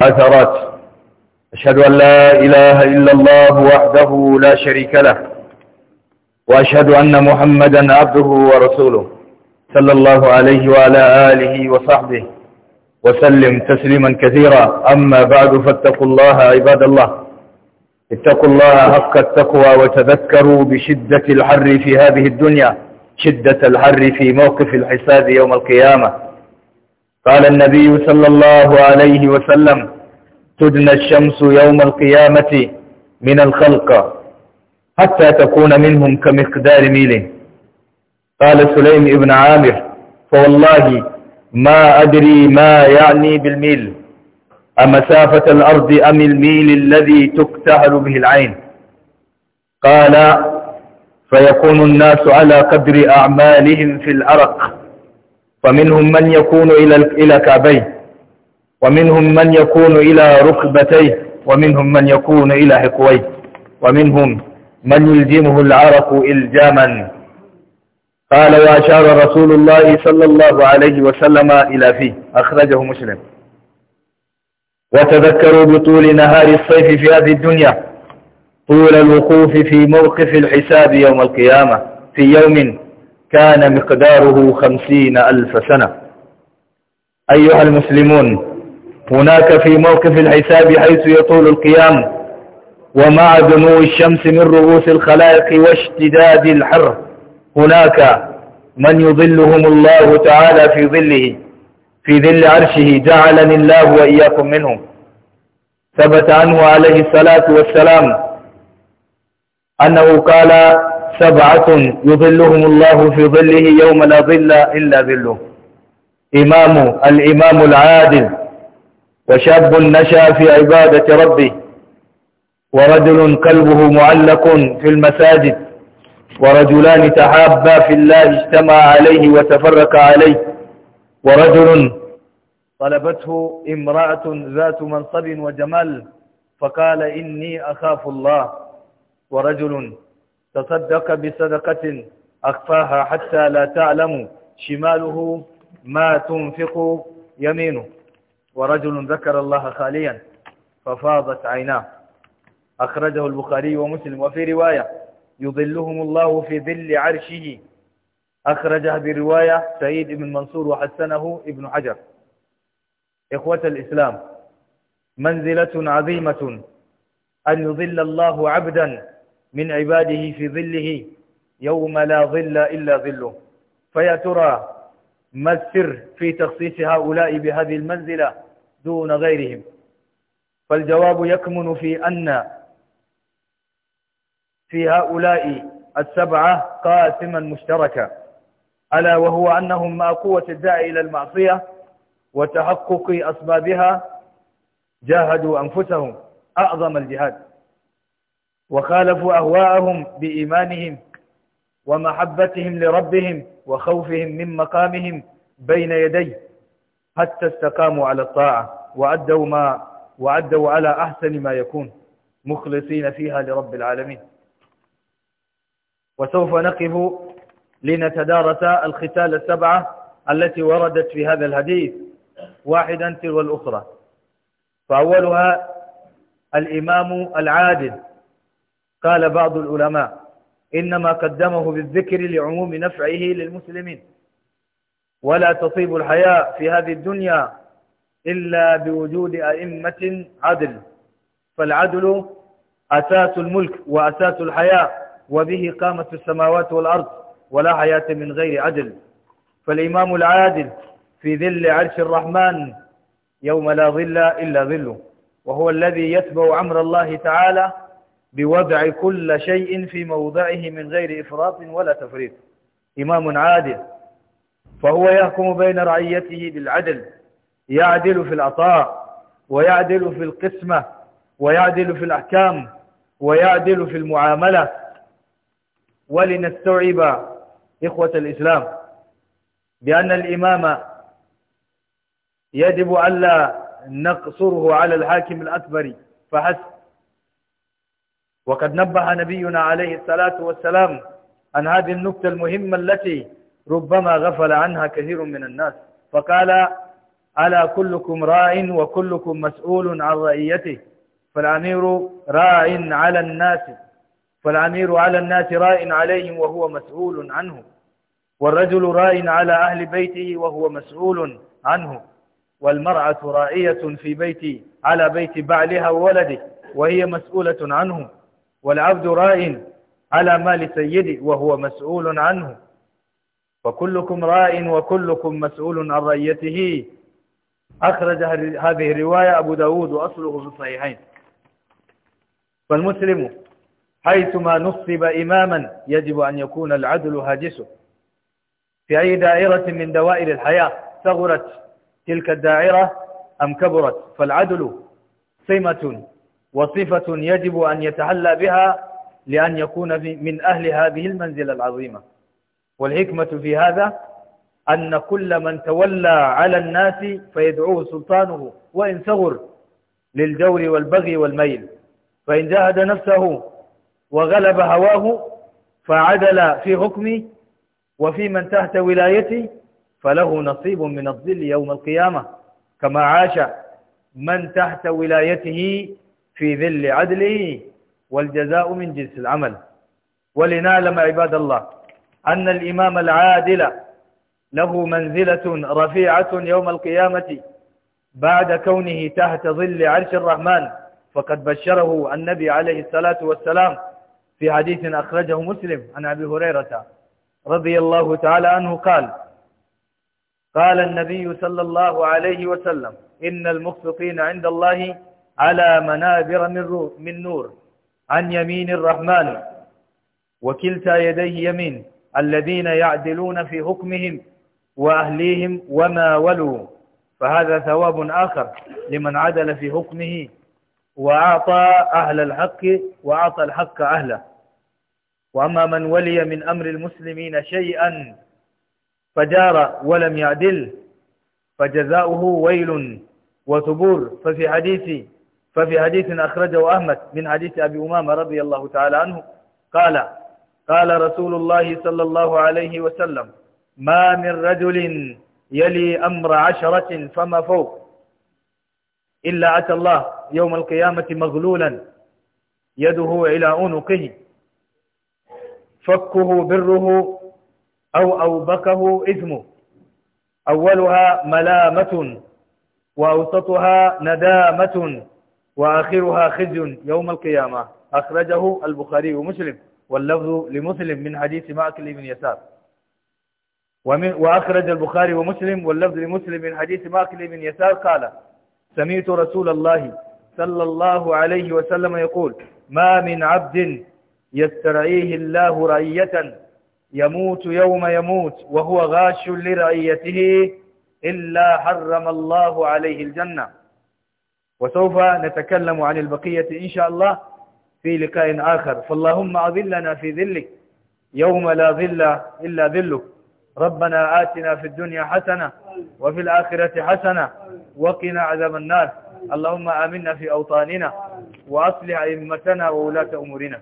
أثرات أشهد أن لا إله إلا الله وحده لا شريك له وأشهد أن محمدا عبده ورسوله صلى الله عليه وعلى آله وصحبه وسلم تسليما كثيرا أما بعد فاتقوا الله عباد الله اتقوا الله حق التقوى وتذكروا بشدة الحر في هذه الدنيا شدة الحر في موقف الحساب يوم القيامة قال النبي صلى الله عليه وسلم تدنى الشمس يوم القيامة من الخلق حتى تكون منهم كمقدار ميل قال سليم ابن عامر فوالله ما أدري ما يعني بالميل أمسافة الأرض أم الميل الذي تكتهل به العين قال فيكون الناس على قدر أعمالهم في الأرق ومنهم من يكون إلى إلى كعبيه ومنهم من يكون إلى ركبتيه ومنهم من يكون إلى حقويه ومنهم من يلزمه العرق إلجاما قال وأشار رسول الله صلى الله عليه وسلم إلى فيه أخرجه مسلم وتذكروا بطول نهار الصيف في هذه الدنيا طول الوقوف في موقف الحساب يوم القيامة في يوم كان مقداره خمسين ألف سنة أيها المسلمون هناك في موقف الحساب حيث يطول القيام ومع دنو الشمس من رؤوس الخلائق واشتداد الحر هناك من يظلهم الله تعالى في ظله في ظل عرشه جعلني الله وإياكم منهم ثبت عنه عليه الصلاة والسلام أنه قال سبعة يظلهم الله في ظله يوم لا ظل إلا ظله إمام الإمام العادل وشاب نشأ في عبادة ربه ورجل قلبه معلق في المساجد ورجلان تحابا في الله اجتمع عليه وتفرق عليه ورجل طلبته امرأة ذات منصب وجمال فقال إني أخاف الله ورجل تصدق بصدقة أخفاها حتى لا تعلم شماله ما تنفق يمينه ورجل ذكر الله خاليا ففاضت عيناه أخرجه البخاري ومسلم وفي رواية يظلهم الله في ظل عرشه أخرجه برواية سعيد بن منصور وحسنه ابن حجر إخوة الإسلام منزلة عظيمة أن يظل الله عبدا من عباده في ظله يوم لا ظل إلا ظله فيا ترى ما السر في تخصيص هؤلاء بهذه المنزلة دون غيرهم فالجواب يكمن في أن في هؤلاء السبعة قاسما مشتركا ألا وهو أنهم مع قوة الداعي إلى المعصية وتحقق أسبابها جاهدوا أنفسهم أعظم الجهاد وخالفوا أهواءهم بإيمانهم ومحبتهم لربهم وخوفهم من مقامهم بين يديه حتى استقاموا على الطاعة وعدوا, ما وعدوا على أحسن ما يكون مخلصين فيها لرب العالمين وسوف نقف لنتدارس الختال السبعة التي وردت في هذا الحديث واحدا تلو الأخرى فأولها الإمام العادل قال بعض العلماء إنما قدمه بالذكر لعموم نفعه للمسلمين ولا تصيب الحياة في هذه الدنيا إلا بوجود أئمة عدل فالعدل أساس الملك وأساس الحياة وبه قامت السماوات والأرض ولا حياة من غير عدل فالإمام العادل في ذل عرش الرحمن يوم لا ظل إلا ظله وهو الذي يتبع أمر الله تعالى بوضع كل شيء في موضعه من غير إفراط ولا تفريط إمام عادل فهو يحكم بين رعيته بالعدل يعدل في العطاء ويعدل في القسمة ويعدل في الأحكام ويعدل في المعاملة ولنستوعب إخوة الإسلام بأن الإمام يجب ألا نقصره على الحاكم الأكبر فحسب وقد نبه نبينا عليه الصلاة والسلام عن هذه النكتة المهمة التي ربما غفل عنها كثير من الناس فقال ألا كلكم راع وكلكم مسؤول عن رعيته فالأمير راع على الناس فالأمير على الناس راع عليهم وهو مسؤول عنه والرجل راع على أهل بيته وهو مسؤول عنه والمرأة راعية في بيتي على بيت بعلها وولده وهي مسؤولة عنه والعبد راء على مال سيده وهو مسؤول عنه وكلكم راء وكلكم مسؤول عن رأيته أخرج هذه الرواية أبو داود وأصله في الصحيحين فالمسلم حيثما نصب إماما يجب أن يكون العدل هاجسه في أي دائرة من دوائر الحياة ثغرت تلك الدائرة أم كبرت فالعدل سمة وصفة يجب أن يتحلى بها لأن يكون من أهل هذه المنزلة العظيمة والحكمة في هذا أن كل من تولى على الناس فيدعوه سلطانه وإن ثغر للجور والبغي والميل فإن جاهد نفسه وغلب هواه فعدل في حكمه وفي من تحت ولايته فله نصيب من الظل يوم القيامة كما عاش من تحت ولايته في ذل عدله والجزاء من جنس العمل ولنعلم عباد الله أن الإمام العادل له منزلة رفيعة يوم القيامة بعد كونه تحت ظل عرش الرحمن فقد بشره النبي عليه الصلاة والسلام في حديث أخرجه مسلم عن أبي هريرة رضي الله تعالى عنه قال قال النبي صلى الله عليه وسلم إن المخفقين عند الله على منابر من, من نور عن يمين الرحمن وكلتا يديه يمين الذين يعدلون في حكمهم وأهليهم وما ولوا فهذا ثواب آخر لمن عدل في حكمه وأعطى أهل الحق وأعطى الحق أهله وأما من ولي من أمر المسلمين شيئا فجار ولم يعدل فجزاؤه ويل وثبور ففي حديث ففي حديث أخرجه أحمد من حديث أبي أمامة رضي الله تعالى عنه قال قال رسول الله صلى الله عليه وسلم ما من رجل يلي أمر عشرة فما فوق إلا أتى الله يوم القيامة مغلولا يده إلى عنقه فكه بره أو أوبكه إثمه أولها ملامة وأوسطها ندامة وآخرها خزي يوم القيامة أخرجه البخاري ومسلم واللفظ لمسلم من حديث ماكل بن يسار ومن وأخرج البخاري ومسلم واللفظ لمسلم من حديث ماكل بن يسار قال سمعت رسول الله صلى الله عليه وسلم يقول ما من عبد يسترعيه الله رعية يموت يوم يموت وهو غاش لرعيته إلا حرم الله عليه الجنة وسوف نتكلم عن البقية إن شاء الله في لقاء آخر فاللهم أظلنا في ذلك يوم لا ظل إلا ذلك ربنا آتنا في الدنيا حسنة وفي الآخرة حسنة وقنا عذاب النار اللهم آمنا في أوطاننا وأصلح أئمتنا وولاة أمورنا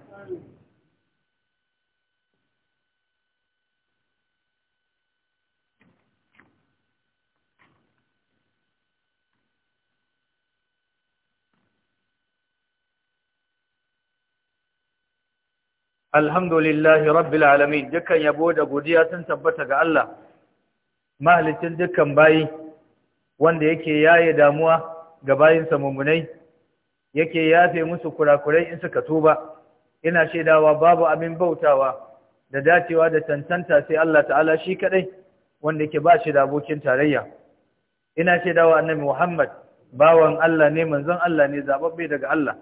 alhamdulillahi rabbil alamin dukan yabo da godiya sun tabbata ga Allah mahalicin dukkan bayi wanda yake yaye damuwa ga bayinsa mummunai yake yafe musu kurakurai in suka tuba ina shaidawa babu abin bautawa da dacewa da tantanta sai Allah ta'ala shi kaɗai wanda ke ba shi da abokin tarayya ina shaidawa annabi Muhammad bawan Allah ne manzon Allah ne zaɓaɓɓe daga Allah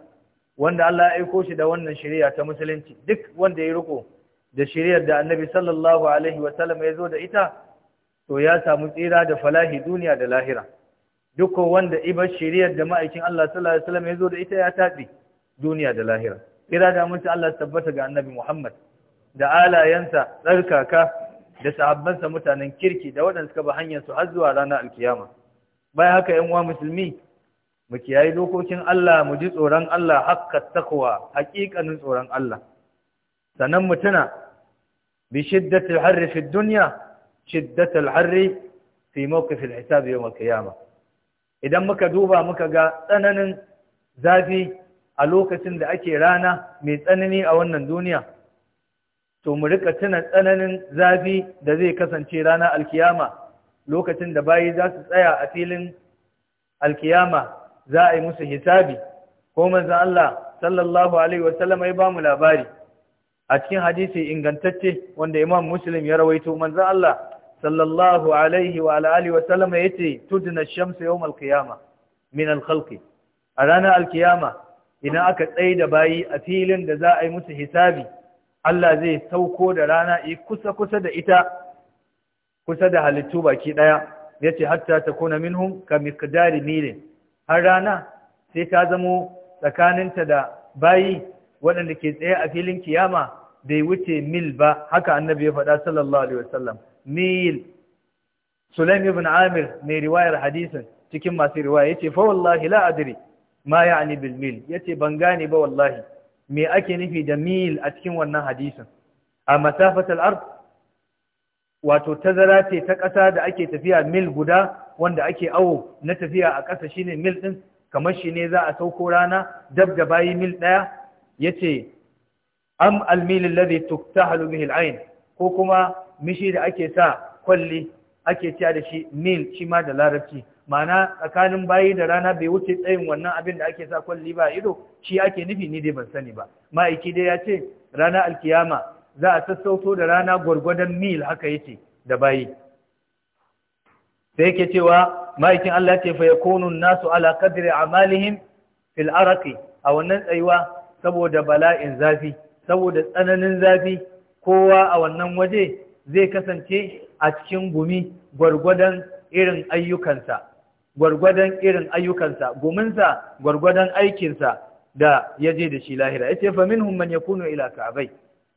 wanda Allah ya aiko shi da wannan shari'a ta musulunci duk wanda ya riko da shari'ar da Annabi sallallahu alaihi wa sallam ya zo da ita to ya samu tsira da falahi duniya da lahira duk wanda ibar shari'ar da ma'aikin Allah sallallahu alaihi wa sallam ya zo da ita ya tabi duniya da lahira tsira da mutunta Allah tabbata ga Annabi Muhammad da alayansa tsarkaka da sahabbansa mutanen kirki da waɗanda suka ba hanyar su har zuwa ranar alkiyama bayan haka 'yan uwa musulmi mu kiyaye dokokin Allah mu ji tsoron Allah hakka takwa hakikanin tsoron Allah sanan mutuna bi shiddatil harri fi dunya shiddatil harri fi mawqif al hisab yawm al idan muka duba muka ga tsananin zafi a lokacin da ake rana mai tsanani a wannan duniya to mu rika tuna tsananin zafi da zai kasance rana alkiyama lokacin da bayi za su tsaya a filin alkiyama za a yi musu hisabi ko manzo Allah sallallahu alaihi wasallam ya ba mu labari a cikin hadisi ingantacce wanda Imam Muslim ya rawaito manzo Allah sallallahu alaihi wa alihi wasallam yace tudna ash-shamsu yawm al-qiyamah min al a ranar alkiyama, idan aka tsaye da bayi a filin da za a yi musu hisabi Allah zai sauko da rana yi kusa kusa da ita kusa da halittu baki daya yace hatta takuna minhum ka miqdari milin har rana sai ta zamo tsakaninta da bayi waɗanda ke tsaye a filin kiyama bai wuce mil ba haka annabi ya faɗa sallallahu alaihi wasallam mil sulaim ibn amir mai riwayar hadisin cikin masu riwaya yace fa wallahi la adri ma ya'ni bil mil yace ban gane ba wallahi me ake nufi da mil a cikin wannan hadisin a masafatal ard wato tazara ce ta ƙasa da ake tafiya mil guda wanda ake awo na tafiya a ƙasa shine mil ɗin kamar shi ne za a sauko rana dab da bayi mil ɗaya ya ce am almilin lade ta halumihil ayin ko kuma mishi da ake sa kwalli ake ciya da shi mil shi ma da larabci ma'ana tsakanin bayi da rana bai wuce tsayin wannan abin da ake sa kwalli ba ido shi ake nufi ni dai ban sani ba ma'aiki dai ya ce rana alkiyama za a sassauto da rana gwargwadon mil haka yace da bayi sai yake cewa ma'aikin Allah ce fa yakunu nasu ala qadri amalihim fil araqi a wannan tsayuwa saboda bala'in zafi saboda tsananin zafi kowa a wannan waje zai kasance a cikin gumi gwargwadon irin ayyukansa gwargwadon irin ayyukansa guminsa gwargwadon aikinsa da ya je da shi lahira yace fa minhum man yakunu ila ka'bai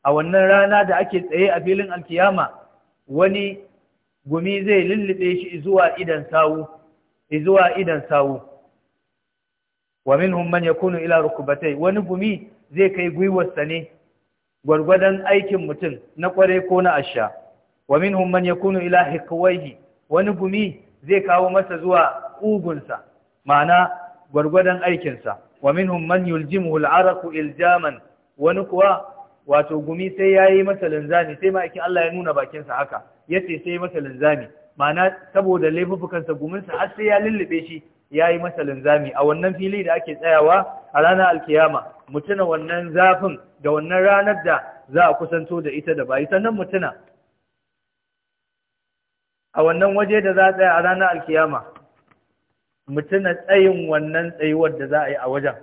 a wannan rana da ake tsaye a filin alkiyama wani gumi zai lullube shi zuwa idan sawu zuwa idan sawu wa minhum man yakunu ila rukbatay wani gumi zai kai gwiwarsa ne gwargwadon aikin mutum na kware ko na asha wa minhum man yakunu ila hikwaihi wani gumi zai kawo masa zuwa ugunsa ma'ana gwargwadon aikinsa wa minhum man yuljimuhu al'araqu iljaman wani kuwa wato gumi sai ya yi masa linzami sai ma'aikin Allah ya nuna bakinsa haka ya ce sai masa linzami ma'ana saboda laifukansa guminsa har sai ya lullube shi ya yi masa linzami a wannan fili da ake tsayawa a ranar alkiyama mutuna wannan zafin da wannan ranar da za a kusanto da ita da bayi sannan mutuna a wannan waje da za a tsaya a ranar alkiyama mutuna tsayin wannan tsayuwar da za a yi a wajen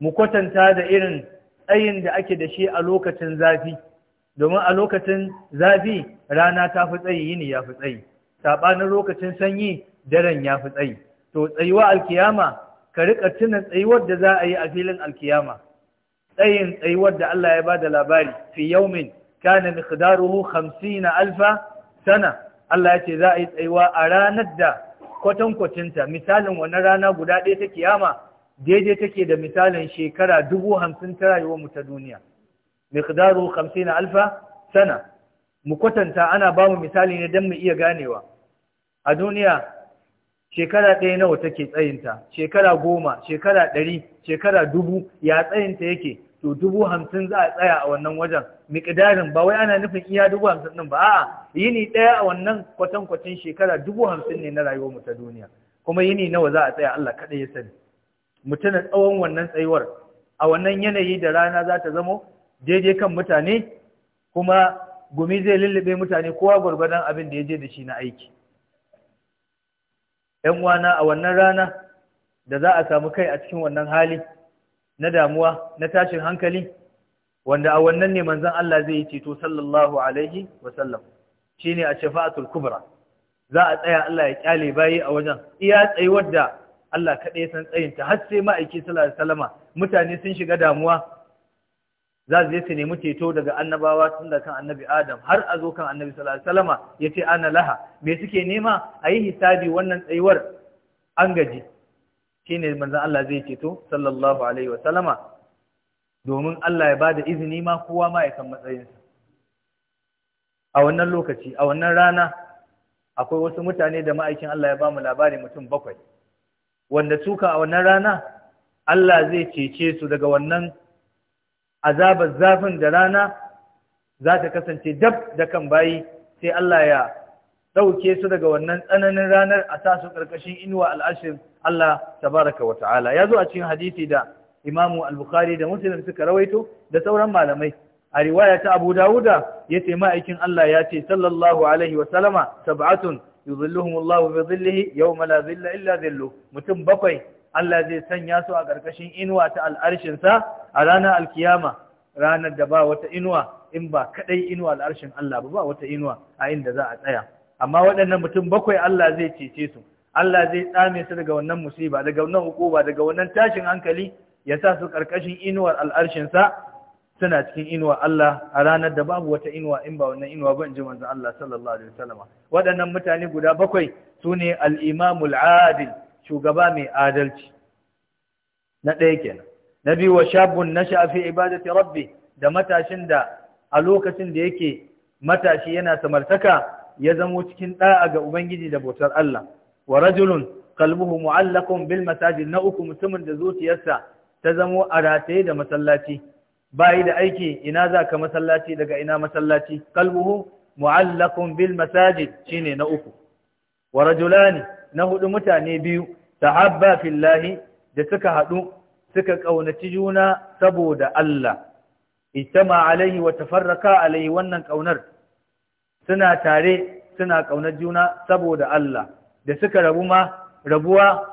mu kwatanta da irin tsayin da ake da shi a lokacin zafi domin a lokacin zafi rana ta fi tsayi yini ya fi tsayi saɓanin lokacin sanyi daren ya fi tsayi to tsayuwa alkiyama ka riƙa tuna tsayuwar da za a yi a filin alkiyama tsayin tsayuwar da Allah ya ba da labari fi yaumin kana miqdaruhu na alfa sana Allah ya ce za a yi tsayuwa a ranar da kwatankwacinta misalin wannan rana guda ɗaya ta kiyama daidai take da misalin shekara dubu hamsin ta rayuwar ta duniya miqdaru hamsin alfa sana mu kwatanta ana ba mu misali ne don mu iya ganewa a duniya shekara ɗaya nawa take tsayinta shekara goma shekara ɗari shekara dubu ya tsayinta yake to dubu hamsin za a tsaya a wannan wajen miƙidarin ba wai ana nufin iya dubu hamsin ɗin ba a'a yini ɗaya a wannan kwatankwacin shekara dubu hamsin ne na rayuwarmu ta duniya kuma yini nawa za a tsaya Allah kaɗai ya sani mutuna tsawon wannan tsayuwar a wannan yanayi da rana za ta zamo daidai kan mutane kuma gumi zai lullube mutane kowa gwargwadon abin da ya je da shi na aiki ‘yan wana a wannan rana da za a samu kai a cikin wannan hali na damuwa na tashin hankali wanda a wannan ne manzan Allah zai yi ceto sallallahu alaihi wasallam shi ne a shafa'atul kubra za a tsaya Allah ya kyale bayi a wajen iya tsayuwar da Allah kaɗai san tsayinta har sai ma'aiki sallallahu alaihi wasallama mutane sun shiga damuwa za su je su nemi ceto daga annabawa tun da kan annabi Adam har a zo kan annabi sallallahu alaihi wasallama ce ana laha me suke nema a yi hisabi wannan tsayuwar an gaji shine manzan Allah zai ceto sallallahu alaihi wasallama domin Allah ya bada izini ma kowa ma ya san matsayinsa a wannan lokaci a wannan rana akwai wasu mutane da ma'aikin Allah ya ba mu labari mutum bakwai wanda suka a wannan rana Allah zai cece su daga wannan azabar zafin da rana za ta kasance dab da kan bayi sai Allah ya ɗauke su daga wannan tsananin ranar a sa su ƙarƙashin inuwa al'ashir Allah tabaraka wa ta'ala ya zo a cikin hadisi da imamu al-bukhari da muslim suka rawaito da sauran malamai a riwaya ta abu dawuda ya ce ma'aikin Allah ya ce sallallahu alaihi wa sallama sab'atun yuzilluhumullahu fi zillihi yawma la zilla illa zillu mutum bakwai Allah zai sanya su a ƙarƙashin inuwa ta al'arshin sa a ranar alkiyama ranar da ba wata inuwa in ba kadai inuwa al'arshin Allah ba ba wata inuwa a inda za a tsaya amma waɗannan mutum bakwai Allah zai cece su Allah zai tsame su daga wannan musiba daga wannan hukuma daga wannan tashin hankali ya sa su ƙarƙashin inuwar al'arshin sa suna cikin inuwa Allah a ranar da babu wata inuwa in ba wannan inuwa ba in ji manzon Allah sallallahu alaihi wasallam waɗannan mutane guda bakwai sune al-imamul adil shugaba mai adalci na ɗaya kenan na biyu wa shabun nasha fi ibadati rabbi da matashin da a lokacin da yake matashi yana samartaka ya zamo cikin da'a ga ubangiji da bautar Allah wa rajulun qalbuhu mu'allaqun bil masajid na uku mutumin da zuciyarsa ta zamo a rataye da masallaci bayi da aiki ina za ka masallaci daga ina masallaci kalbuhu mu'allakun bil masajid shine na uku wa rajulani na hudu mutane biyu tahabba fillahi da suka hadu suka kaunaci juna saboda Allah ijtama alaihi wa tafarraqa alaihi wannan kaunar suna tare suna kaunar juna saboda Allah da suka rabu ma rabuwa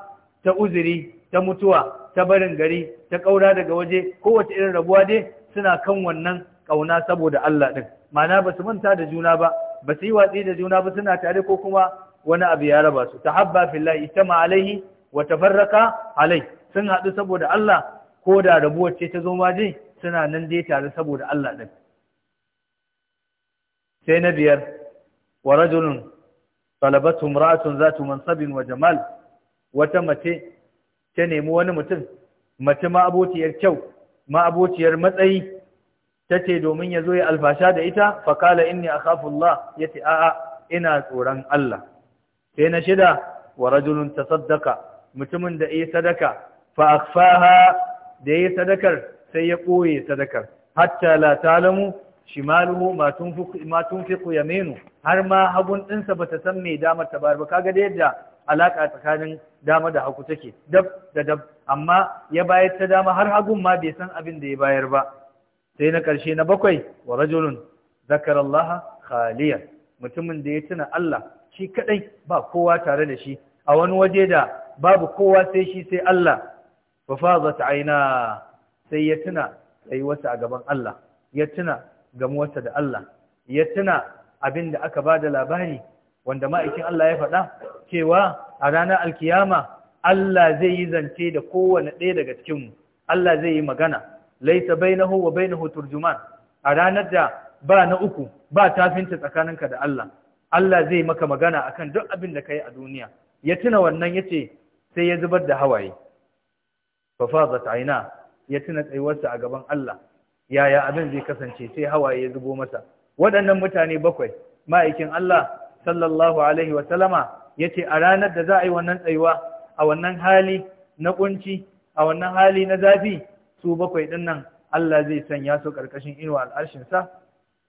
ta uzuri ta mutuwa ta barin gari ta ƙaura daga waje kowace irin rabuwa dai suna kan wannan ƙauna saboda Allah ɗin ma'ana ba su manta da juna ba ba su yi watsi da juna ba suna tare ko kuma wani abu ya raba su habba fillahi ma alaihi wa tafarraqa alai sun haɗu saboda Allah ko da rabuwar ce ta zo ma dai suna nan dai tare saboda Allah ɗin sai na biyar wa rajulun talabatu imra'atun zatu mansabin wa jamal wata mace ta nemi wani mutum mace ma'abociyar kyau ma'abociyar matsayi ta ce domin ya zo ya alfasha da ita fakala inni akhafullah ya ce a'a ina tsoron Allah sai na shida wa rajulun Saddaka, mutumin da yi sadaka fa akhfaha da yi sadakar sai ya koye sadakar hatta la talamu shimaluhu ma tunfiqu ma tunfiqu yaminu har ma hagun dinsa bata san me damar ta ba ba kaga da yadda alaka tsakanin dama da haku take dab da dab amma ya bayar ta dama har hagun ma bai san abin da ya bayar ba sai na ƙarshe na bakwai wa rajulun zakarallaha khaliya mutumin da ya tuna Allah shi kadai ba kowa tare da shi a wani waje da babu kowa sai shi sai Allah fa fazat aina sai ya tuna sai wata a gaban Allah ya tuna gamuwarsa da Allah ya tuna abin da aka ba da labari wanda ma'aikin Allah ya faɗa cewa a ranar alkiyama Allah zai yi zance da kowane ɗaya daga cikinmu Allah zai yi magana laisa bainahu wa bainahu turjuman a ranar da ba na uku ba tafinta tsakaninka da Allah Allah zai maka magana akan duk abin da ka yi a duniya ya tuna wannan yace sai ya zubar da hawaye fa fadat aina ya tuna tsayuwarsa a gaban Allah yaya abin zai kasance sai hawaye ya zubo masa waɗannan mutane bakwai ma'aikin Allah sallallahu alaihi wa sallama Ya ce a ranar da za a yi wannan tsayuwa a wannan hali na kunci a wannan hali na zafi su bakwai din nan Allah zai sanya su karkashin inuwa al'arshin sa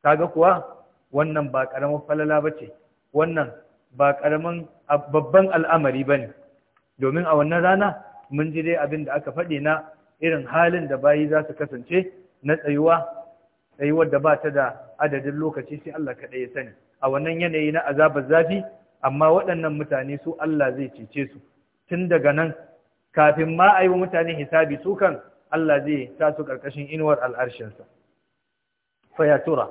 kaga kuwa wannan ba karamin falala bace wannan ba karamin babban al'amari bane domin a wannan rana mun ji dai abin da aka faɗi na irin halin da bayi za su kasance na tsayuwa tsayuwar da ba ta da adadin lokaci sai Allah kaɗai ya sani a wannan yanayi na azabar zafi amma waɗannan mutane su Allah zai cece su tun daga nan kafin ma a yi wa mutane hisabi su kan Allah zai sa su ƙarƙashin inuwar al'arshinsa fayatura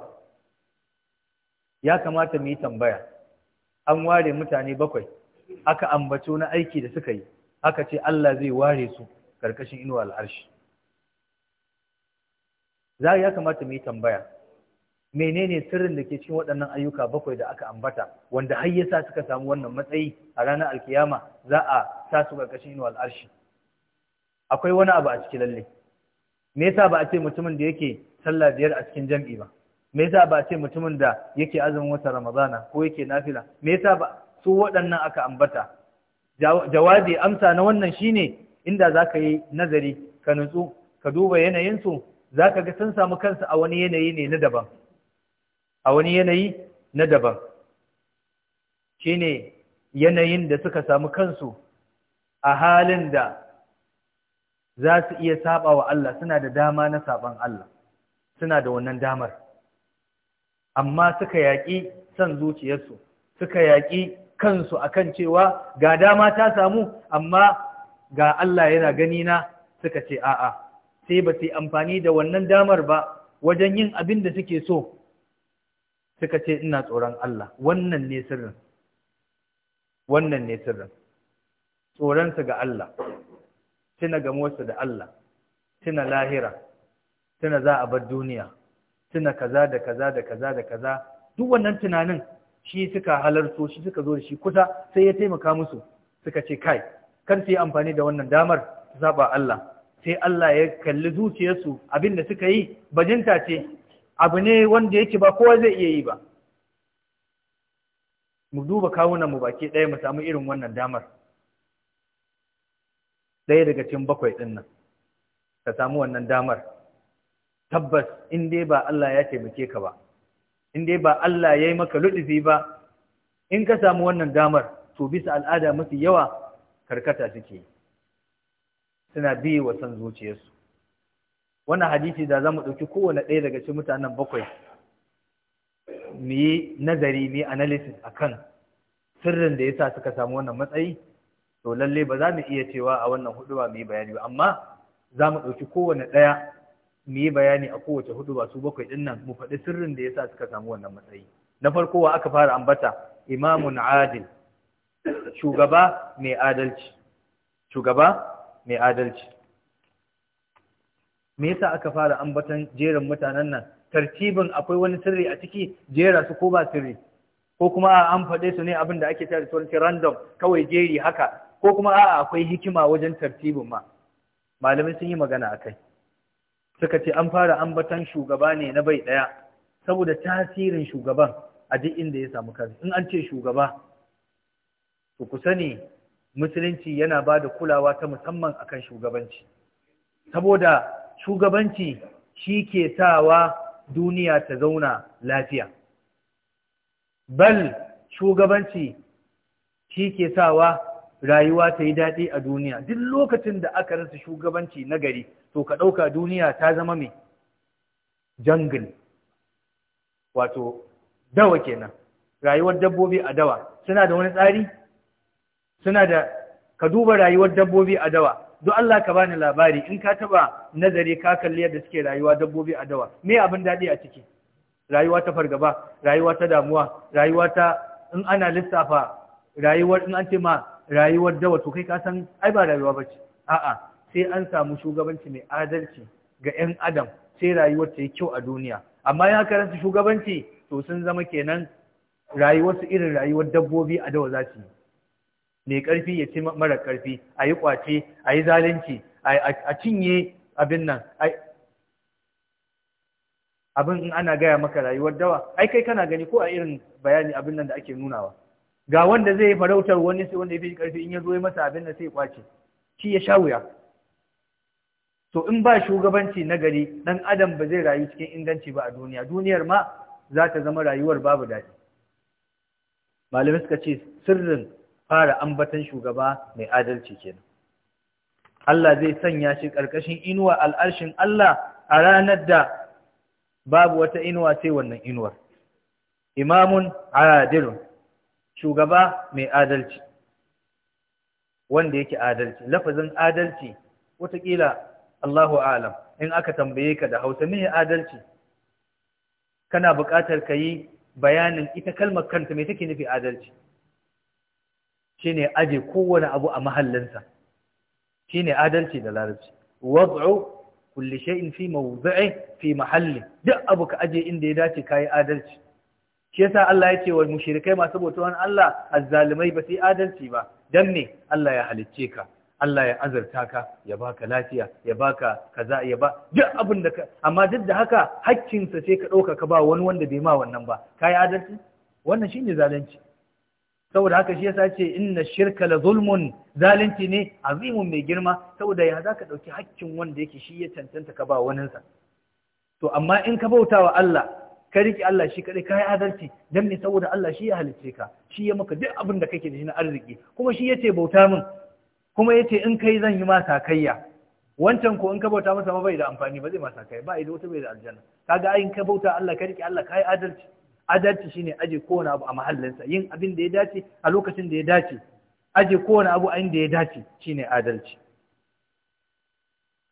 ya kamata mu yi tambaya an ware mutane bakwai aka ambato na aiki da suka yi aka ce Allah zai ware su ƙarƙashin inuwar al'arshi za ya kamata mu yi tambaya menene sirrin da ke cikin waɗannan ayyuka bakwai da aka ambata wanda har yasa suka samu wannan matsayi a ranar alkiyama za a sa su ƙarƙashin wal arshi akwai wani abu a cikin lalle me yasa ba a ce mutumin da yake sallah biyar a cikin jam'i ba me yasa ba a ce mutumin da yake azumin wata ramadana ko yake nafila me yasa ba su waɗannan aka ambata jawabi amsa na wannan shine inda zaka yi nazari ka nutsu ka duba yanayinsu zaka ga sun samu kansu a wani yanayi ne na daban a wani yanayi na daban shine yanayin da suka samu kansu a halin da za su iya saba wa Allah suna da dama na saban Allah suna da wannan damar amma suka yaƙi son zuciyarsu suka yaƙi kansu a kan cewa ga dama ta samu amma ga Allah yana gani na suka ce a'a sai ba su yi amfani da wannan damar ba wajen yin abin da suke so suka ce ina tsoron Allah wannan ne sirrin wannan ne sirrin tsoronsu ga Allah tuna gamuwarsu da Allah tuna lahira tuna za a bar duniya tuna kaza da kaza da kaza da kaza duk wannan tunanin shi suka halarto shi suka zo da shi kusa sai ya taimaka musu suka ce kai kar su yi amfani da wannan damar zaba Allah sai Allah ya kalli zuciyarsu abin da suka yi bajinta ce abu ne wanda yake ba kowa zai iya yi ba mu duba kawunan mu baki ɗaya mu samu irin wannan damar ɗaya daga cikin bakwai ɗin nan ka samu wannan damar tabbas in dai ba Allah ya taimake ka ba in dai ba Allah ya yi maka luɗifi ba in ka samu wannan damar to bisa al'ada mafi yawa karkata suke suna biye wa san zuciyarsu wannan hadisi da za mu ɗauki kowane ɗaya daga cikin mutanen bakwai mu yi nazari mu yi analysis kan sirrin da yasa suka samu wannan matsayi to lalle ba za mu iya cewa a wannan huduba mu yi bayani ba amma za mu ɗauki kowane ɗaya mu yi bayani a kowace huduba su bakwai ɗin nan mu faɗi sirrin da yasa suka samu wannan matsayi na farko wa aka fara ambata imamun adil shugaba mai adalci shugaba mai adalci me yasa aka fara ambaton jerin mutanen nan tartibin akwai wani sirri a ciki jera su ko ba sirri ko kuma a an faɗe su ne abin da ake tare turanci random kawai jeri haka ko kuma a akwai hikima wajen tartibin ma malamin sun yi magana a kai suka ce an fara ambaton shugaba ne na bai ɗaya saboda tasirin shugaban a duk inda ya samu kansa in an ce shugaba to ku sani musulunci yana ba da kulawa ta musamman akan shugabanci saboda shugabanci shi ke sawa duniya ta zauna lafiya bal shugabanci shi ke sawa rayuwa ta yi daɗi a duniya duk lokacin da aka rasa shugabanci na gari to ka ɗauka duniya ta zama mai jangil. wato dawa kenan rayuwar dabbobi a dawa suna da wani tsari suna da ka duba rayuwar dabbobi a dawa don Allah ka bani labari in ka taba nazari ka kalli yadda suke rayuwa dabbobi a dawa me abin daɗi a ciki rayuwa ta fargaba rayuwa ta damuwa rayuwa ta in ana lissafa rayuwar in an ce ma rayuwar dawa to kai ka san ai ba rayuwa bace a'a sai an samu shugabanci mai adalci ga 'yan adam sai rayuwar ta yi kyau a duniya amma ya karanta shugabanci to sun zama kenan rayuwarsu irin rayuwar dabbobi a dawa za su yi mai ƙarfi ya ci mara ƙarfi a yi ƙwace a yi zalunci a cinye abin nan abin in ana gaya maka rayuwar dawa ai kai kana gani ko a irin bayani abin nan da ake nunawa ga wanda zai yi farautar wani sai wanda ya fi ƙarfi in ya zo ya masa abin nan sai ya ƙwace shi ya sha wuya to in ba shugabanci na gari ɗan adam ba zai rayu cikin inganci ba a duniya duniyar ma za ta zama rayuwar babu daɗi malamai suka ce sirrin fara ambatan shugaba mai adalci kenan Allah zai sanya shi ƙarƙashin inuwa al'arshin Allah a ranar da babu wata inuwa sai wannan inuwar imamun adilun shugaba mai adalci wanda yake adalci lafazin adalci watakila Allahu alam in aka tambaye ka da Hausa me adalci kana buƙatar ka yi bayanin ita kalmar kanta me take nufi adalci shine aje kowane abu a mahallinsa shine adalci da larabci wad'u kulli shay'in fi mawdi'i fi mahalli duk abu ka aje inda ya dace kai adalci shi yasa Allah ya ce wa mushrikai masu bautawan Allah azzalimai ba su yi adalci ba dan me Allah ya halicce ka Allah ya azurta ka ya baka lafiya ya baka kaza ya ba duk abin da ka amma duk da haka hakkinsa sai ka ɗauka ka ba wani wanda bai ma wannan ba kai adalci wannan shine zalunci saboda haka shi yasa ce inna shirka la zulmun zalunci ne azimun mai girma saboda ya zaka dauki haƙƙin wanda yake shi ya cancanta ka ba wani sa to amma in ka bautawa Allah ka riki Allah shi kadai kai adalci dan me saboda Allah shi ya halice ka shi ya maka duk abin da kake da shi na arziki kuma shi yace bauta min kuma yace in kai zan yi ma sakayya wancan ko in ka bauta masa ma bai da amfani ba zai ma sakayya ba ido wata bai da aljanna kaga ayin ka bauta Allah ka riki Allah kai adalci adalci shine aje kowane abu a mahallinsa yin abin da ya dace a lokacin da ya dace aje kowane abu a inda ya dace shine adalci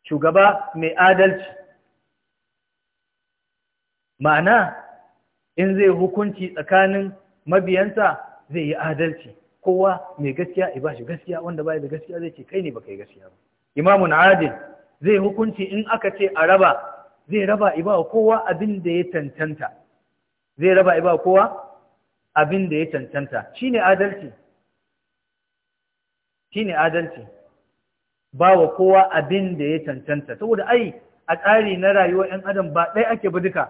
shugaba mai adalci ma'ana in zai hukunci tsakanin mabiyansa zai yi adalci kowa mai gaskiya ya bashi gaskiya wanda bai da gaskiya zai ce kai ne baka yi gaskiya ba imamun adil zai hukunci in aka ce a raba zai raba ibawa kowa abin da ya tantanta zai raba iba kowa abin da ya cancanta ne adalci ne adalci ba wa kowa abin da ya cancanta saboda ai a tsari na rayuwar 'yan adam ba ɗaya ake ba duka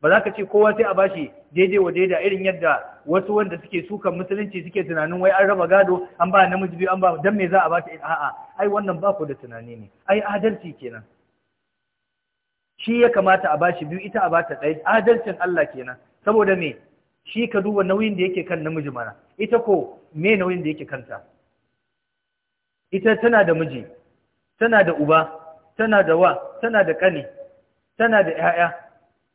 ba za ka ce kowa sai a bashi daidai wa daida irin yadda wasu wanda suke sukan musulunci suke tunanin wai an raba gado an ba namiji biyu an ba dan me za a bata a'a ai wannan ba ku da tunani ne ai adalci kenan shi ya kamata a bashi biyu ita a bata ɗaya adalcin Allah kenan saboda me shi ka duba nauyin da yake kan namiji mana ita ko me nauyin da yake kanta ita tana da miji tana da uba tana da wa tana da kane tana da 'ya'ya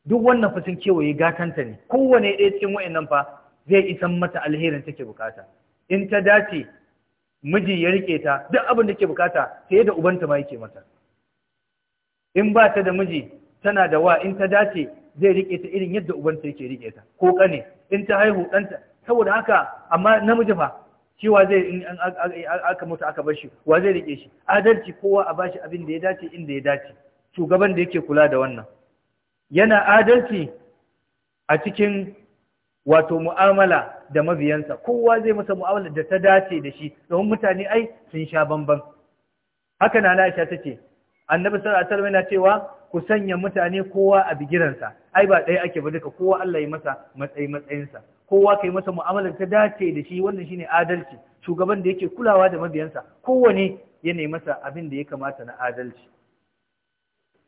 duk wannan fasin kewaye gatanta ne kowane ɗaya cikin wa'annan fa zai isan mata alherin take bukata in ta dace miji ya rike ta duk abin da ke bukata sai da ubanta ma yake mata in ba ta da miji tana da wa in ta dace zai rike ta irin yadda ubanta yake rike ta ko kane in ta haihu ɗanta saboda haka amma namiji fa shi zai in aka mutu aka bar shi wa zai rike shi adalci kowa a bashi abin da ya dace inda ya dace shugaban da yake kula da wannan yana adalci a cikin wato mu'amala da mabiyansa kowa zai masa mu'amala da ta dace da shi domin mutane ai sun sha bamban haka na Aisha tace annabi sallallahu alaihi wasallam yana cewa ku sanya mutane kowa a bigiransa ai ba ɗaya ake ba duka kowa Allah ya masa matsayi matsayinsa kowa kai masa mu'amalar ta dace da shi wannan shine adalci shugaban da yake kulawa da mabiyansa kowane ya nemi masa abin da ya kamata na adalci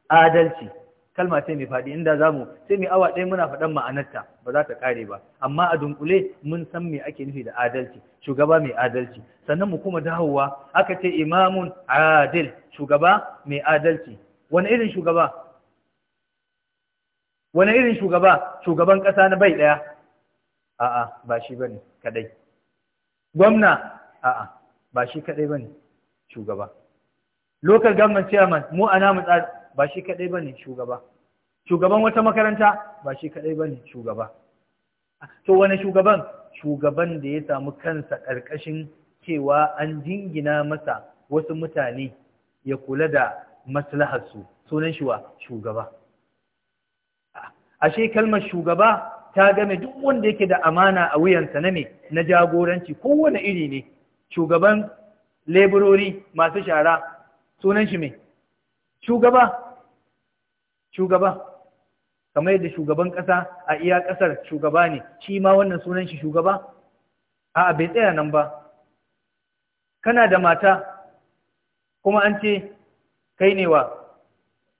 adalci kalma ce mai faɗi inda zamu sai mai awa ɗaya muna faɗan ma'anarta ba za ta kare ba amma a dunkule mun san me ake nufi da adalci shugaba mai adalci sannan mu kuma dawowa aka ce imamun adil shugaba mai adalci wani irin shugaba wani irin shugaba shugaban ƙasa na bai ɗaya a'a ba shi bane kadai gwamna a'a ba shi kadai bane shugaba local government chairman mu ana mu tsari ba shi kadai bane shugaba shugaban wata makaranta ba shi kadai bane shugaba to wani shugaban shugaban da ya samu kansa ƙarƙashin cewa an jingina masa wasu mutane ya kula da maslaharsu sunan shi wa shugaba ashe kalmar shugaba ta game duk wanda yake da amana a wuyansa na me na jagoranci kowane iri ne shugaban leburori masu shara sunan shi me shugaba shugaba kamar yadda shugaban ƙasa a iya ƙasar shugaba ne shi ma wannan sunan shi shugaba a bai tsaya nan ba kana da mata kuma an ce kai ne wa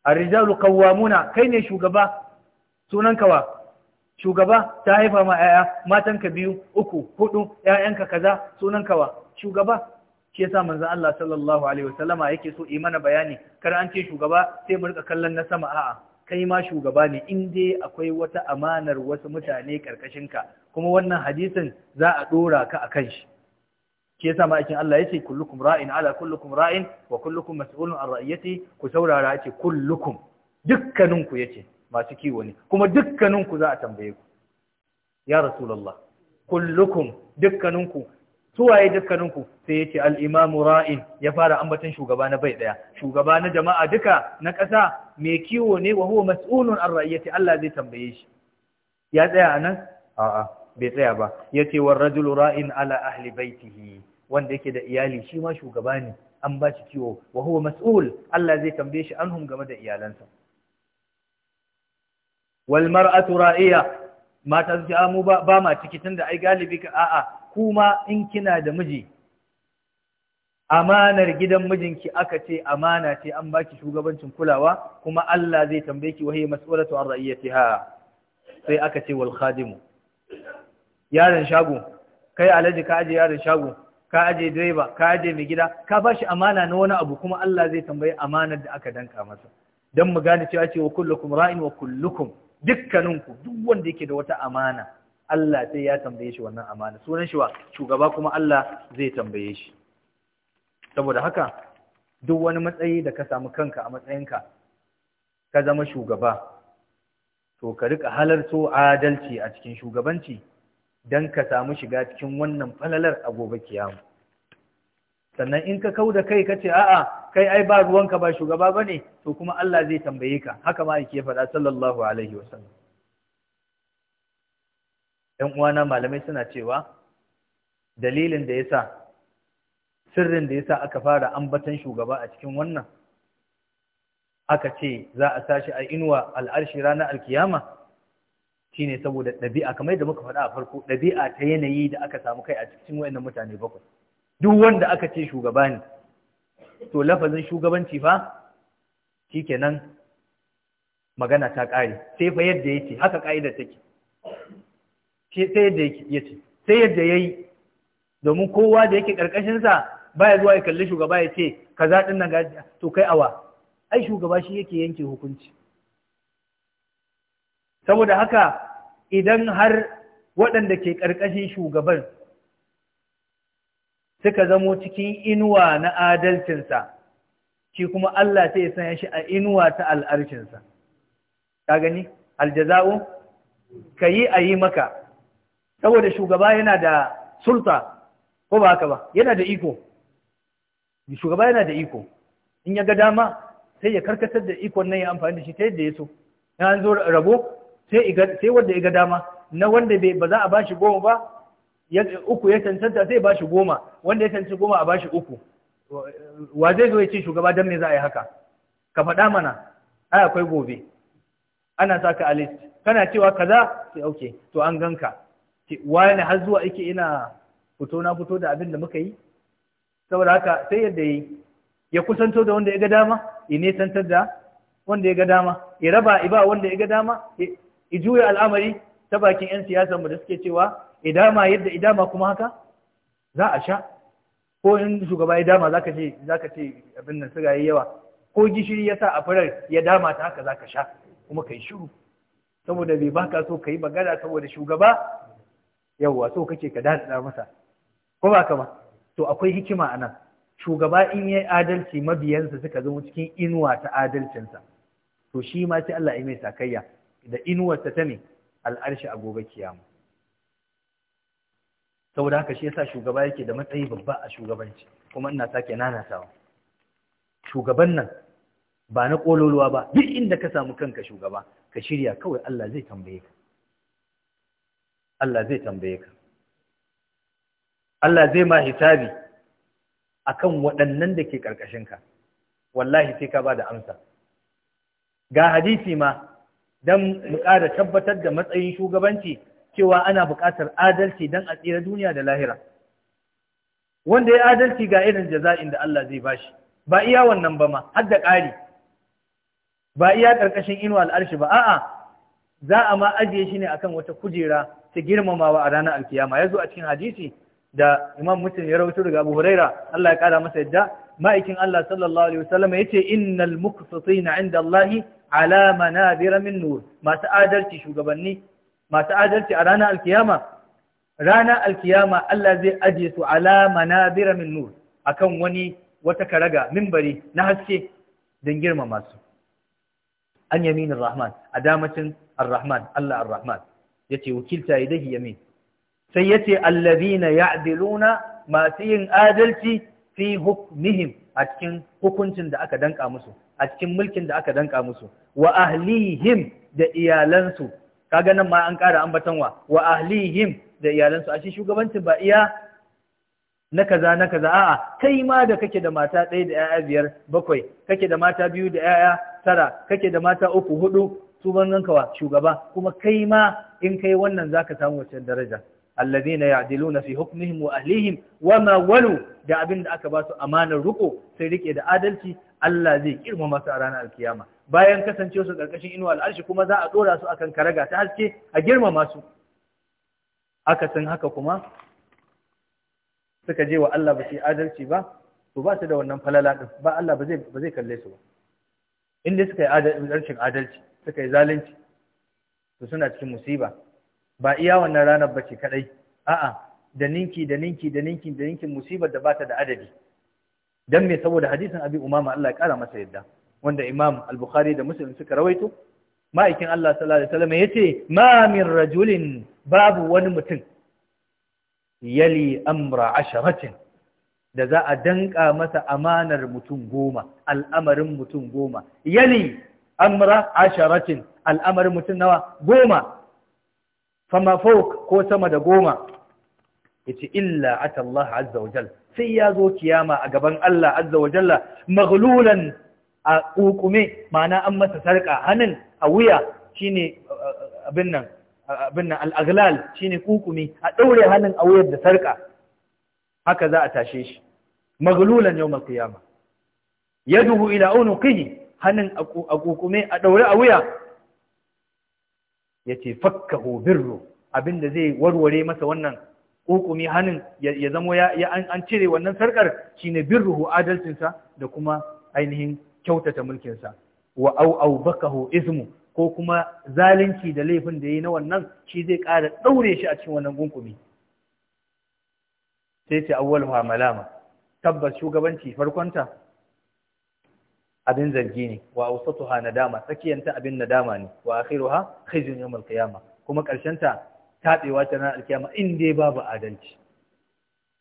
ar qawwamuna kai ne shugaba sunanka wa shugaba ta haifa ma yaya matanka biyu uku hudu yayanka kaza sunanka wa shugaba shi yasa manzon Allah sallallahu alaihi wasallama yake so imana bayani kar an ce shugaba sai mu rika kallon na sama a'a kai ma shugaba ne in dai akwai wata amanar wasu mutane ka. kuma wannan hadisin za a dora ka akan shi Ke yasa ma'aikin Allah ya ce kullukum ra'in ala kullukum ra'in wa kullukum mas'ulun an ra'iyati ku saurara yace kullukum dukkaninku yace masu kiwo ne kuma dukkaninku za a tambaye ku ya rasulullah kullukum dukkaninku suwaye dukkaninku sai yace al-imamu ra'in ya fara ambaton shugaba na bai daya shugaba na jama'a duka na ƙasa mai kiwo ne wa huwa mas'ulun an ra'iyati Allah zai tambaye shi ya tsaya anan a'a bai tsaya ba Ya ce war rajulu ra'in ala ahli baitihi wanda yake da iyali shi ma shugaba ne an ba shi kiwo wa huwa mas'ul Allah zai tambaye shi anhum game da iyalansa wal mar'atu ra'iya mata a mu ba ma ciki tunda ai galibi ka a'a kuma in kina da miji amanar gidan mijinki aka ce amana ce an baki shugabancin kulawa kuma Allah zai tambaye ki wahiy mas'ulatu ar ra'iyatiha sai aka ce wal khadimu yaron shago kai alaji ka aje yaron shago ka aje direba ka aje mai gida ka bashi amana na wani abu kuma Allah zai tambayi amanar da aka danka masa dan mu gane cewa ce wa kullukum ra'in wa kullukum dukkaninku duk wanda yake da wata amana Allah sai ya tambaye shi wannan amana sunan shi wa shugaba kuma Allah zai tambaye shi saboda haka duk wani matsayi da ka samu kanka a matsayinka ka zama shugaba to ka rika halarto adalci a cikin shugabanci don ka samu shiga cikin wannan falalar a gobe kiyama sannan in ka kau da kai ka ce a'a kai ai ba ruwanka ba shugaba ba ne to kuma Allah zai tambaye ka haka ma yake faɗa sallallahu alaihi wasallam ɗan uwana malamai suna cewa dalilin da yasa sirrin da yasa aka fara ambatan shugaba a cikin wannan aka ce za a sashi a inuwa al'arshi ranar alkiyama shi ne saboda ɗabi'a kamar yadda muka faɗa a farko ɗabi'a ta yanayi da aka samu kai a cikin wayannan mutane bakwai duk wanda aka ce shugaba ne to lafazin shugabanci fa shikenan magana ta ƙare sai fa yadda yake haka ƙa'idar take sai yadda yake sai yadda yayi domin kowa da yake karkashin sa baya zuwa ya kalli shugaba ya ce kaza din nan ga to kai awa ai shugaba shi yake yanke hukunci saboda haka idan har waɗanda ke ƙarƙashin shugaban suka zamo cikin inuwa na adalcinsa shi kuma Allah sai ya sanya shi a inuwa ta al’arcinsa. ka gani aljaza'u ka yi a yi maka saboda shugaba yana da sulta ko ba haka ba yana da iko shugaba yana da iko in ya ga dama sai ya karkatar da ikon nan ya amfani da shi ta yadda ya so na an zo rabo sai wanda ya ga dama na wanda ba za a bashi goma ba uku ya cancanta sai ba shi goma wanda ya canci goma a ba shi uku wa zai zo ya ce shugaba don me za a yi haka ka faɗa mana ai akwai gobe ana sa ka a list kana cewa kaza sai ok to an ganka wani har zuwa ake ina fito na fito da abin da muka yi saboda haka sai yadda yi ya kusanto da wanda ya ga dama ya nesantar da wanda ya ga dama ya raba ba wanda ya ga dama ijuya al'amari ta bakin 'yan siyasar mu da suke cewa idama yadda idama kuma haka za a sha ko in shugaba ya dama za ce ce abin nan siga yi yawa ko gishiri ya sa a farar ya dama ta haka za ka sha kuma ka yi shiru saboda bai baka so ka yi magana saboda shugaba yawa so kake ka dada masa ko ba ka ba to akwai hikima a nan, shugaba in yayi adalci mabiyansa suka zama cikin inuwa ta adalcinsa to shi ma sai Allah ya mai sakayya da inuwarta ta ne al'arshi a gobe kiyama saboda haka shi yasa shugaba yake da matsayi babba a shugabanci kuma ina sake nanatawa shugaban nan ba na ƙololuwa ba duk inda ka samu kanka shugaba ka shirya kawai Allah zai tambaye ka Allah zai tambaye ka Allah zai ma hisabi kan waɗannan da ke ƙarƙashinka wallahi sai ka ba da amsa ga hadisi ma don mu tabbatar da matsayin shugabanci cewa ana buƙatar adalci don a tsira duniya da lahira wanda ya adalci ga irin jaza'in da Allah zai bashi ba iya wannan ba ma har da ƙari ba iya ƙarƙashin inuwa al'arshi ba a'a za a ma ajiye shi ne akan wata kujera ta girmamawa a ranar alkiyama ya zo a cikin hadisi da imam mutum ya rawaito daga abu huraira Allah ya ƙara masa yadda ma'aikin Allah sallallahu alaihi wasallam ya ce innal na inda Allahi. ala manabira min nur masu adalci shugabanni masu adalci a ranar alkiyama ranar alkiyama Allah zai ajiye su ala manabira min nur akan wani wata karaga mimbari na haske don girmama su an yaminin rahman a damacin ar-rahman Allah ar-rahman yace wakilta ya yadahi yamin sai yace na ya'diluna masu yin adalci fi hukumihim. a cikin hukuncin da aka danka musu a cikin mulkin da aka danka musu wa ahlihim da iyalansu kaga nan ma an ƙara ambatanwa wa ahlihim da iyalansu ashe shugabancin ba iya na kaza na kaza a'a kai ma da kake da mata ɗaya da 'ya'ya biyar bakwai kake da mata biyu da 'ya'ya tara kake da mata uku hudu su ban ganka shugaba kuma kai ma in kai wannan zaka samu wacce daraja alladhina na fi hukmihim wa ahlihim wa ma walu da abin da aka ba su amanar riko sai rike da adalci Allah zai kirma su a ranar alkiyama bayan kasancewa su karkashin inuwa al'arshi kuma za a dora su akan karaga ta haske a girmama su aka san haka kuma suka je wa Allah ba su adalci ba to ba su da wannan falala din ba Allah ba zai ba zai kalle su ba inda suka yi adalci suka yi zalunci to suna cikin musiba ba iya wannan ranar ce kaɗai? a'a da ninki da ninki da ninki da ninkin musibar da bata da adadi dan me saboda hadisin Abi Umama Allah ya kara masa yadda wanda Imam Al-Bukhari da Muslim suka rawaito ma'aikin Allah sallallahu alaihi wasallam yace ma min rajulin babu wani mutum yali amra asharatin da za a danka masa amanar mutum goma al'amarin mutum goma yali amra asharatin al'amarin mutum nawa goma fama fauk ko sama da goma yace illa ata Allah azza wajal sai ya zo kiyama a gaban Allah azza wajalla maghlulan a kukume ma'ana an masa sarka hannun a wuya shine abin nan abin nan al-aghlal shine kukume a daure hannun a wuyar da sarka haka za a tashe shi maghlulan yawmal qiyama yaduhu ila unqihi hannun a kukume a daure a wuya ya ce fakka birru abinda zai warware masa wannan hukumi hannun ya zamo ya an cire wannan sarƙar shine birruhu adalcinsa da kuma ainihin kyautata mulkinsa wa au au bakahu ismu ko kuma zalunci da laifin da ya yi na wannan shi zai ƙara ɗaure shi a cikin wannan gunkumi sai ce awwal malama tabbas shugabanci farkonta abin zargi ne wa awsatuha nadama tsakiyanta abin nadama ne wa akhiruha khizyun yawm qiyama kuma karshen ta tabewa ta ran alkiyama inde babu adalci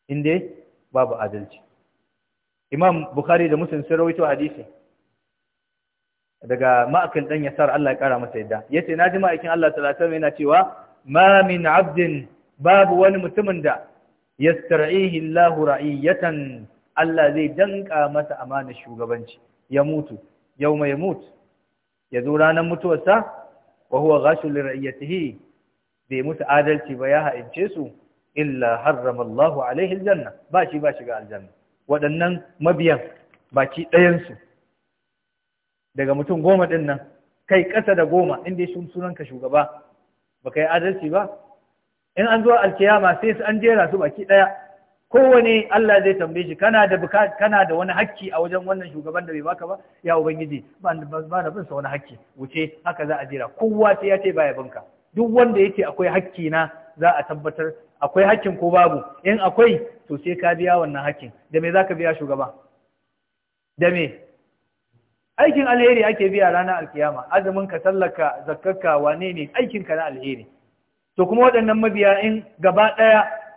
Inde babu adalci imam bukhari da muslim sun rawaito hadisi daga ma'akin dan yasar Allah ya kara masa yadda yace naji ma'akin Allah sallallahu alaihi yana cewa ma min 'abdin babu wani mutumin da yastar'ihi Allah ra'iyatan Allah zai danka masa amana shugabanci ya mutu yau mai mut ya zo ranar mutuwarsa wa huwa ghashul ra'iyatihi bai mutu adalci ba ya ha'ince su illa harrama Allahu alaihi aljanna ba shi ba shiga aljanna waɗannan mabiyan baki ɗayan su daga mutum goma ɗin nan kai ƙasa da goma inda ya sunan ka shugaba ba yi adalci ba in an zo alkiyama sai su an jera su baki ɗaya kowane Allah zai tambaye shi kana da kana da wani hakki a wajen wannan shugaban da bai baka ba ya ubangiji ba na bin sa wani hakki wuce haka za a jira kowa sai ya ce baya binka duk wanda yake akwai hakki na za a tabbatar akwai hakkin ko babu in akwai to sai ka biya wannan hakkin da me zaka biya shugaba da me aikin alheri ake biya ranar alkiyama azumin ka sallaka zakkarka wane ne aikin ka na alheri to kuma waɗannan mabiya in gaba ɗaya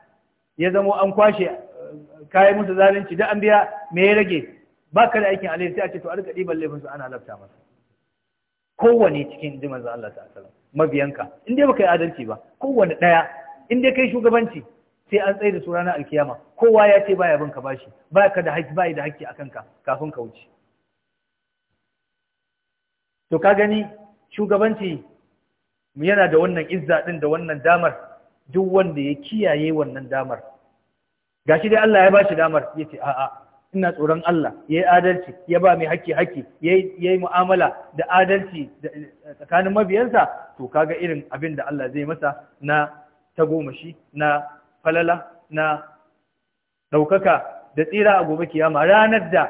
ya zamo an kwashe kayan musu zalunci da an biya me ya rage ba ka da aikin alheri sai a ce to a rika ɗiban laifin su ana lafta masa kowane cikin ji manzo Allah ta mabiyanka in dai baka yi adalci ba kowane ɗaya in dai kai shugabanci sai an tsaye da su ranar alkiyama kowa ya ce baya bin ka bashi ba ka da haƙƙi baya da haƙƙi akan ka kafin ka wuce to ka gani shugabanci yana da wannan izza din da wannan damar duk wanda ya kiyaye wannan damar gashi dai Allah ya ba shi damar ya ce a'a ina tsoron Allah ya yi adalci ya ba mai haƙƙi haƙƙi ya yi mu'amala da adalci eh, tsakanin mabiyansa to kaga irin abin da Allah zai masa na tagomashi na falala na ɗaukaka da tsira a gobe kiyama ranar da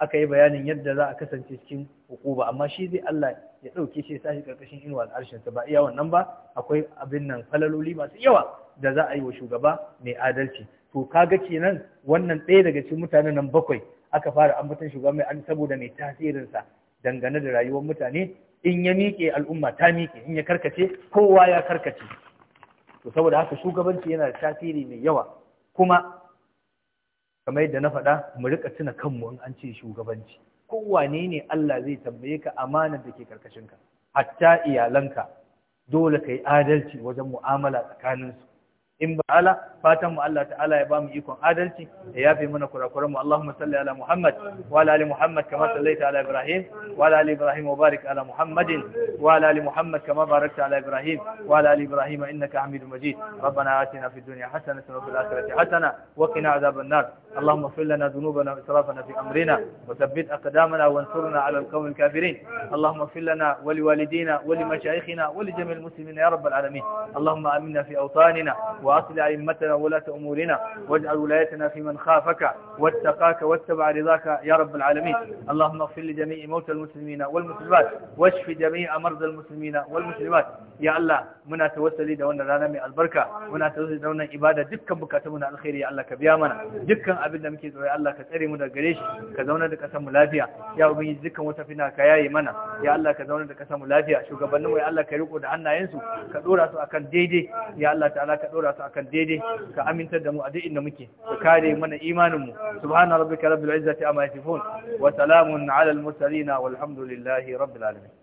aka yi bayanin yadda za a kasance cikin hukuba amma shi zai Allah ya ɗauke shi sashi ƙarƙashin inuwa al'arshinsa ba iya wannan ba akwai abin nan falaloli masu yawa da za a yi wa shugaba mai adalci to kaga kenan wannan ɗaya daga cikin mutanen nan bakwai aka fara ambaton shugaba mai an saboda mai tasirinsa dangane da rayuwar mutane in ya miƙe al'umma ta miƙe in ya karkace kowa ya karkace to saboda haka shugabanci yana da tasiri mai yawa kuma kamar yadda na faɗa mu rika tuna kanmu in an ce shugabanci kowane ne Allah zai tambaye ka amanar da ke karkashinka hatta iyalanka dole ka yi adalci wajen mu'amala tsakaninsu in ba ala fatan mu Allah ta'ala ya bamu ikon adalci ya yafe mana kurakuran mu Allahumma salli ala Muhammad wa ala ali Muhammad kama sallaita ala Ibrahim wa ala ali Ibrahim wa barik ala Muhammadin wa ala ali Muhammad kama barakta ala Ibrahim wa ala ali Ibrahim innaka Hamidum Majid ربنا آتنا في الدنيا حسنة وفي na حسنة وقنا عذاب النار اللهم اغفر لنا ذنوبنا وإسرافنا في أمرنا وثبت أقدامنا وانصرنا على القوم الكافرين اللهم اغفر لنا ولوالدينا ولمشايخنا ولجميع المسلمين يا رب العالمين اللهم آمنا في أوطاننا وأصل أئمتنا ولاة أمورنا واجعل ولايتنا في من خافك واتقاك واتبع رضاك يا رب العالمين اللهم اغفر لجميع موتى المسلمين والمسلمات واشف جميع مرضى المسلمين والمسلمات يا الله muna tawassali da wannan rana mai albarka muna tawassali da wannan ibada dukkan bukatunmu na alkhairi ya Allah ka biya mana dukkan abin da muke tsoro Allah ka tsare mu da gare shi ka zauna da kasar mu lafiya ya ubangiji dukkan wata fina ka yaye mana ya Allah ka zauna da kasar lafiya shugabanninmu ya Allah ka riko da hannayensu ka dora su akan daidai ya Allah ta'ala ka su akan daidai ka aminta da mu a duk inda muke ka kare mana imanin mu subhana rabbika rabbil izzati amma yasifun wa salamun ala al mursalin walhamdulillahi rabbil alamin